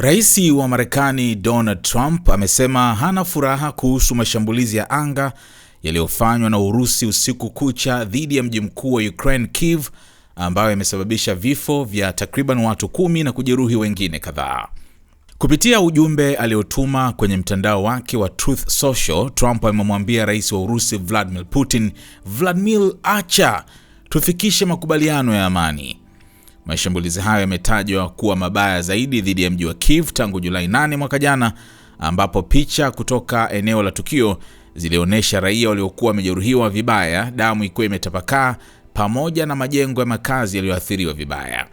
Rais wa Marekani Donald Trump amesema hana furaha kuhusu mashambulizi ya anga yaliyofanywa na Urusi usiku kucha dhidi ya mji mkuu wa Ukraine kiv ambayo yamesababisha vifo vya takriban watu kumi na kujeruhi wengine kadhaa. Kupitia ujumbe aliotuma kwenye mtandao wake wa Truth Social, Trump amemwambia rais wa Urusi Vladimir Putin, Vladimir, acha tufikishe makubaliano ya amani. Mashambulizi hayo yametajwa kuwa mabaya zaidi dhidi ya mji wa Kiev tangu Julai 8 mwaka jana, ambapo picha kutoka eneo la tukio zilionyesha raia waliokuwa wamejeruhiwa vibaya, damu ikiwa imetapakaa pamoja na majengo ya makazi yaliyoathiriwa vibaya.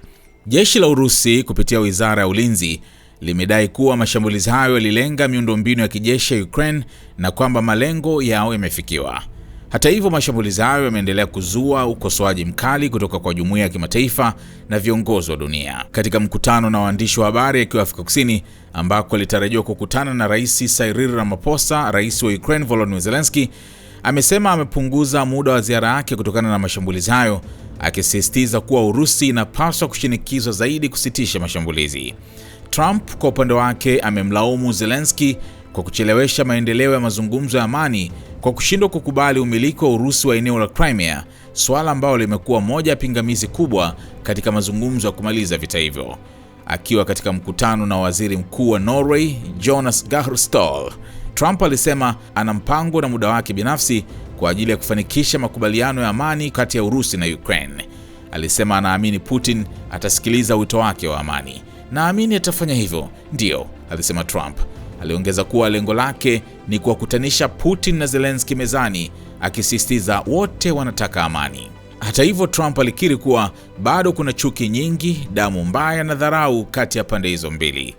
Jeshi la Urusi kupitia Wizara ya Ulinzi limedai kuwa mashambulizi hayo yalilenga miundombinu ya kijeshi ya Ukraine na kwamba malengo yao yamefikiwa. Hata hivyo, mashambulizi hayo yameendelea kuzua ukosoaji mkali kutoka kwa jumuiya ya kimataifa na viongozi wa dunia. Katika mkutano na waandishi wa habari akiwa Afrika Kusini, ambako alitarajiwa kukutana na Rais Cyril Ramaphosa, rais wa Ukraine Volodymyr Zelensky amesema amepunguza muda wa ziara yake kutokana na mashambulizi hayo, akisisitiza kuwa Urusi inapaswa kushinikizwa zaidi kusitisha mashambulizi. Trump kwa upande wake amemlaumu Zelensky kwa kuchelewesha maendeleo ya mazungumzo ya amani kwa kushindwa kukubali umiliki wa Urusi wa eneo la Crimea, swala ambalo limekuwa moja ya pingamizi kubwa katika mazungumzo ya kumaliza vita hivyo. Akiwa katika mkutano na waziri mkuu wa Norway Jonas Gahr Store, Trump alisema ana mpango na muda wake binafsi kwa ajili ya kufanikisha makubaliano ya amani kati ya Urusi na Ukraine. Alisema anaamini Putin atasikiliza wito wake wa amani. Naamini atafanya hivyo, ndiyo, alisema Trump. Aliongeza kuwa lengo lake ni kuwakutanisha Putin na Zelensky mezani, akisisitiza wote wanataka amani. Hata hivyo, Trump alikiri kuwa bado kuna chuki nyingi, damu mbaya na dharau kati ya pande hizo mbili.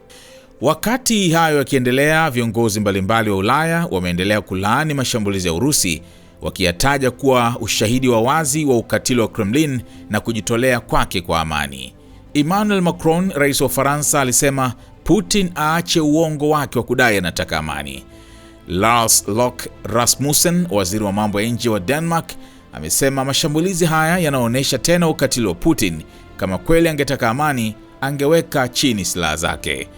Wakati hayo yakiendelea, viongozi mbalimbali wa Ulaya wameendelea kulaani mashambulizi ya Urusi, wakiyataja kuwa ushahidi wa wazi wa ukatili wa Kremlin na kujitolea kwake kwa amani. Emmanuel Macron, rais wa Ufaransa, alisema Putin aache uongo wake wa kudai anataka amani. Lars Lok Rasmussen, waziri wa mambo ya nje wa Denmark, amesema mashambulizi haya yanaonyesha tena ukatili wa Putin. Kama kweli angetaka amani, angeweka chini silaha zake.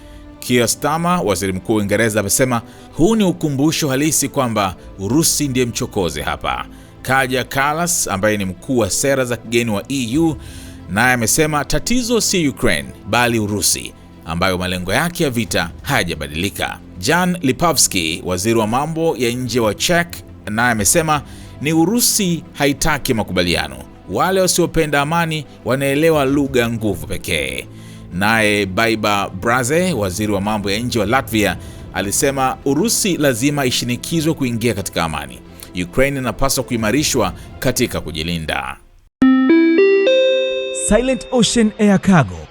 Keir Starmer, waziri mkuu wa Uingereza, amesema huu ni ukumbusho halisi kwamba Urusi ndiye mchokozi hapa. Kaja Kallas, ambaye ni mkuu wa sera za kigeni wa EU, naye amesema tatizo si Ukraine bali Urusi ambayo malengo yake ya vita hayajabadilika. Jan Lipavsky, waziri wa mambo ya nje wa Czech, naye amesema ni Urusi haitaki makubaliano. Wale wasiopenda amani wanaelewa lugha ya nguvu pekee. Naye Baiba Braze, waziri wa mambo ya nje wa Latvia, alisema Urusi lazima ishinikizwe kuingia katika amani. Ukraine inapaswa kuimarishwa katika kujilinda. Silent Ocean Air Cargo